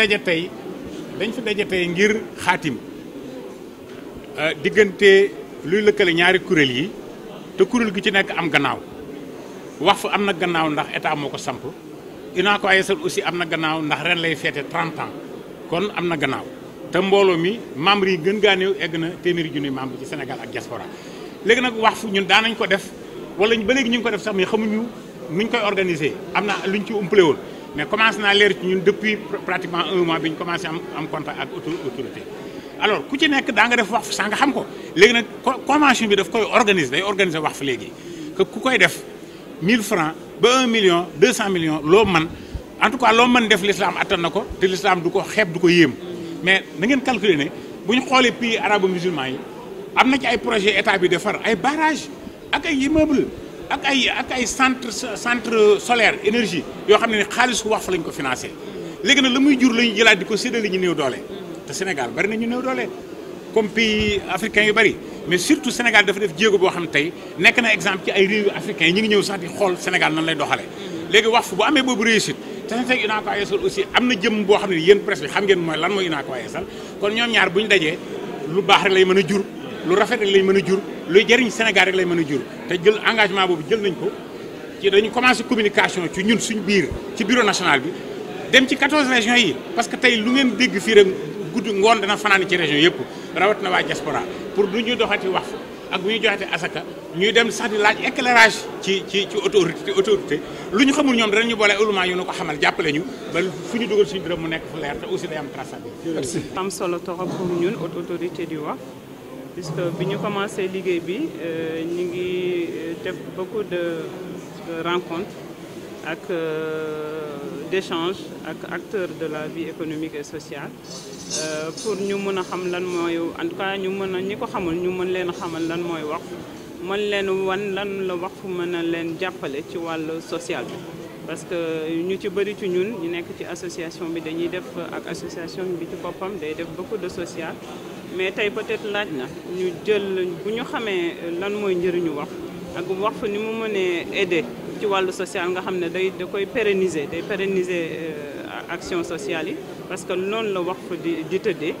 daje tey dañ fi daje tey ngir xaatim euh, diggante luy lëkkale ñaari kuréel yi te kuréel gi ci nekk am gannaaw wax fu am na gannaaw ndax état moo ko samp inaa ko ayesal aussi am na gannaaw ndax ren lay feete 30 ans kon am na gannaaw te mbooloo mi membres yi gën gaa néew egg na téeméeri junni membre ci Sénégal ak diaspora léegi nag wax fu ñun daan nañ ko def wala ba léegi ñu ngi ko def sax mais xamuñu nuñ koy organiser am na luñ ci umpale woon mais commencé naa leer ci ñun depuis pratiquement un mois bi ñu commencé am am contact ak autorité alors ku ci nekk daa nga def wax sa nga xam ko léegi nag convention bi daf koy organiser day organiser wax fa léegi que ku koy def mille francs ba 1 million 200 millions loo man en tout cas loo man def l'islam attan na ko te l'islam du ko xeeb du ko yéem mais na ngeen calculer ne bu ñu xoolee pays arabo musulman yi am na ci ay projet état bi defar ay barage ak ay immeuble ak ay ak ay centre centre solaire énergie yoo xam ne ni xaalisu wax fa lañ ko financé léegi nag la muy jur la ñu jëlaat di ko séddale ñu néew doole te Sénégal bari na ñu néew doole comme pays africain yu bari mais surtout Sénégal dafa def jéego boo xam ne tey nekk na exemple ci ay réew yu africain yi ñu ngi ñëw sax di xool Sénégal nan lay doxalee léegi wax fu bu amee boobu réussite te ne tey UNACOIS Yessal aussi am na jëmm boo xam ne yéen presse bi xam ngeen mooy lan mooy UNACOIS Yessal kon ñoom ñaar bu ñu dajee lu baax lay mën a jur lu rafet rek lay mën a jur luy jëriñ Sénégal rek lay mën a jur te jël engagement boobu jël nañ ko ci dañu commencé communication ci ñun suñ biir ci bureau national bi dem ci 14 régions yi parce que tey lu ngeen dégg fii rek gudd ngoon dana fanaan ci région yëpp rawat na waa diaspora pour lu ñu doxati wax ak bu ñu joxati asaka ñuy dem sax di laaj éclairage ci ci ci autorité autorité lu ñu xamul ñoom danañu boole ulama yu ñu ko xamal jàppale ñu ba fu ñu dugal suñu dërëm mu nekk fu leer te aussi day puisque bi ñu commencé liggéey bi euh, ñu ngi euh, def beaucoup de rencontres ak euh, d'échanges ak acteur de la vie économique et sociale pour ñu mën a xam lan mooy en tout cas ñu mën a ñi ko xamul ñu mën leen xamal lan mooy wax mën leen wan lan la wax mën a leen jàppale ci wàll social bi parce que ñu ci bëri ci ñun ñu nekk ci association bi dañuy def ak association bi ci boppam day def beaucoup de social mais tey peut-être laaj na ñu jël bu ñu xamee lan mooy njëriñu wax ak wax fa ni mu mënee aider ci wàll social nga xam ne day da koy pérenniser day pérenniser euh, action sociale yi parce que noonu la wax fa di di tëddee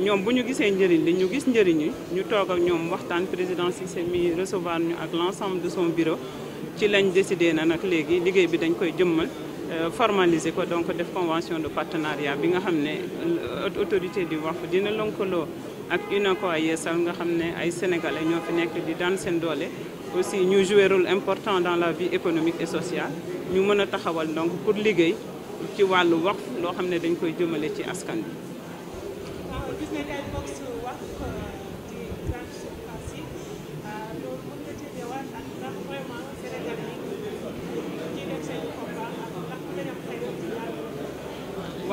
ñoom bu ñu gisee njëriñ li ñu gis njëriñ yi ñu toog ak ñoom waxtaan président Cissé mi recevoir ñu ak l'ensemble de son bureau ci lañ décidé na nag léegi liggéey bi dañ koy jëmmal euh, formaliser ko donc def convention de partenariat bi nga xam ne euh, autorité di wax dina lëkkaloo ak UNACOIS Yeesal nga xam ne ay sénégalais ñoo fi nekk di daan seen doole aussi ñuy jouer rôle important dans la vie économique et sociale ñu mën a taxawal donc pour liggéey ci wàllu waqf loo xam ne dañ koy jëmale ci askan bi.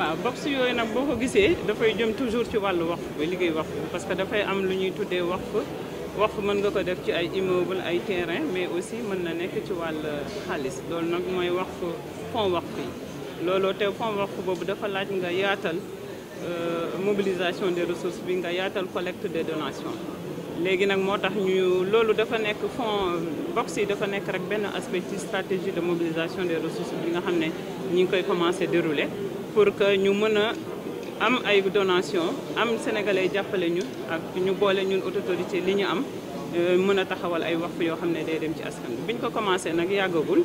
waaw box yooyu nag boo ko gisee dafay jëm toujours ci wàllu wax bi liggéey wax bi parce que dafay am lu ñuy tuddee wax waqf mën nga ko def ci ay immeuble ay terrain mais aussi mën na nekk ci wàll xaalis loolu nag mooy wax fonds waqf yi looloo te fonds waqf boobu dafa laaj nga yaatal euh, mobilisation des ressources bi nga yaatal collecte des donations léegi nag moo tax ñu loolu dafa nekk fonds box yi dafa nekk rek benn aspect ci stratégie de mobilisation des ressources bi nga xam ne ñu ngi koy commencé dérouler pour que ñu mën a am ay donation am sénégalais jàppale ñu ak ñu boole ñun autorité li ñu am euh, mën a taxawal ay waqf yoo xam ne day dem ci askan bi ñu ko commencé nag yàggagul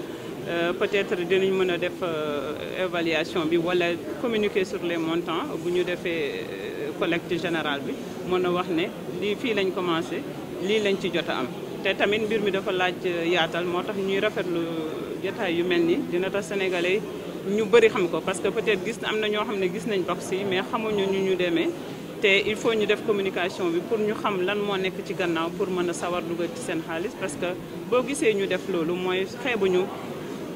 euh, peut-être dinañ mën a def euh, évaluation bi wala communiquer sur les montants bu ñu defee collecte général bi mën a wax ne lii fii lañ commencé lii lañ ci jot a am te tamit mbir mi dafa laaj yaatal moo tax ñuy rafetlu jotaay yu mel nii dina tax sénégalais ñu bëri xam ko parce que peut-être gis am na ñoo xam ne gis nañ box yi mais xamuñu ñu ñu demee te il faut ñu def communication bi pour ñu xam lan moo nekk ci gannaaw pour mën a sawar dugal ci seen xaalis parce que boo gisee ñu def loolu mooy xeebuñu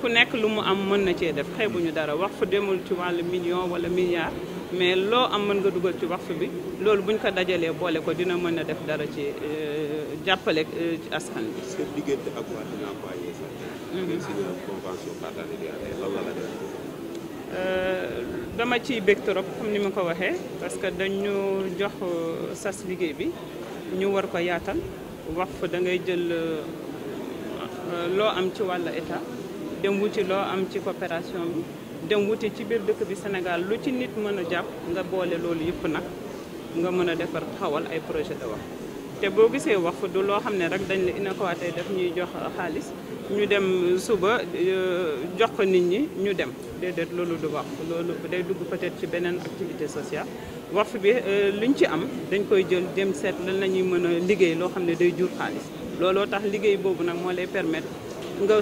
ku nekk lu mu am mën na cee def ñu dara wax fu demul ci wàllu million wala milliard mais loo am mën nga dugal ci wax bi loolu buñ ko dajalee boole ko dina mën a def dara ci euh, jàppale euh, askan bi. Euh, dama ciy bég trop comme ni ma ko waxee parce que dañu jox euh, sas liggéey bi ñu war ko yaatal wax fa da ngay jël euh, loo am ci wàll état dem wuti loo am ci coopération bi dem wuti ci biir dëkk bi Sénégal lu ci nit mën a jàpp nga boole loolu yëpp nag nga mën a defar xawal ay projet de wax te boo gisee wax du loo xam ne rek dañ la innocuwaatee daf ñuy jox xaalis ñu dem suba euh, jox ko nit ñi ñu dem déedéet loolu du wax loolu day dugg peut-être ci beneen activité sociale. wax bi euh, ñu ci am dañ koy jël dem seet lan la ñuy mën a liggéey loo xam ne day jur xaalis looloo tax liggéey boobu nag moo lay permettre nga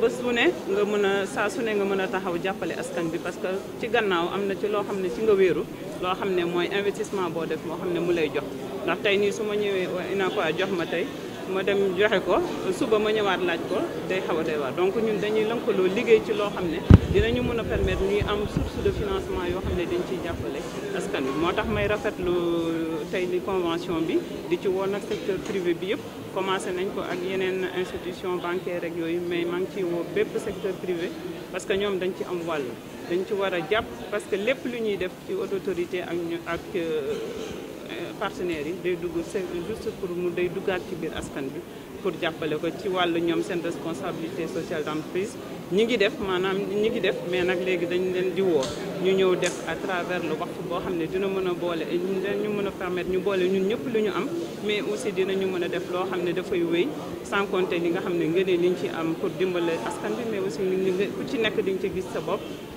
ba su ne nga mën a saa su ne nga mën a taxaw jàppale askan bi parce que ci gannaaw am na ci loo xam ne ci nga wéeru loo xam ne mooy investissement boo def moo xam ne mu lay jox. ndax tey nii su ma ñëwee UNACOIS jox ma tey ma dem joxe ko suba ma ñëwaat laaj ko day xaw a doy waar donc ñun dañuy lëkkaloo liggéey ci loo xam ne dinañu mën a permettre ñuy am source de financement yoo xam ne dañ ciy jàppale askan bi moo tax may rafetlu tey li convention bi di ci woon ak secteur privé bi yëpp commencé nañ ko ak yeneen institution bancaire rek yooyu mais maa ngi ciy woo bépp secteur privé parce que ñoom dañ ci am wàll dañ ci war a jàpp parce que lépp lu ñuy def ci autorité ak ak euh, partenaires yi day dugg c'est juste pour mu day duggaat ci biir askan bi pour jàppale ko ci wàllu ñoom seen responsabilité sociale d'entreprise ñi ngi def maanaam ñi ngi def mais nag léegi dañu leen di woo ñu ñëw def à travers le waxtu boo xam ne dina mën a boole ñu mën a permettre ñu boole ñun ñëpp lu ñu am mais aussi dinañu mën a def loo xam ne dafay wéy sans li nga xam ne ngënee ñu ci am pour dimbale askan bi mais aussi ku ci nekk diñ ci gis sa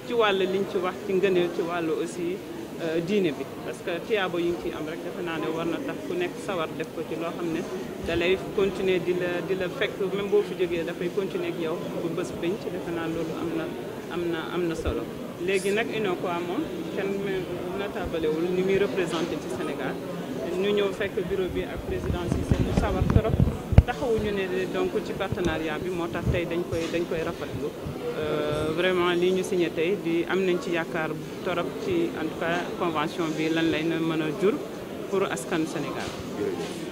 ci wàll liñ ci wax ci ngënee ci wàllu aussi Euh, diine bi parce que tiyaabo yi ngi am rek defe naa ne war na tax ku nekk sawar def ko ci loo xam ne da continuer di la di la fekk même boo fi jógee dafay continuer ak yow bu bés penc defe naa loolu am na am na am na solo léegi nag ko amoon kenn natabalewul ni muy représenté ci Sénégal ñu ñëw fekk bureau bi ak président si sawar trop taxawuñu ne donc ci partenariat bi moo tax tey dañ koy dañ koy rafetlu euh, vraiment lii ñu signé tey di am nañ ci yaakaar torop ci en cas convention bi lan lay mën a jur pour askan Sénégal.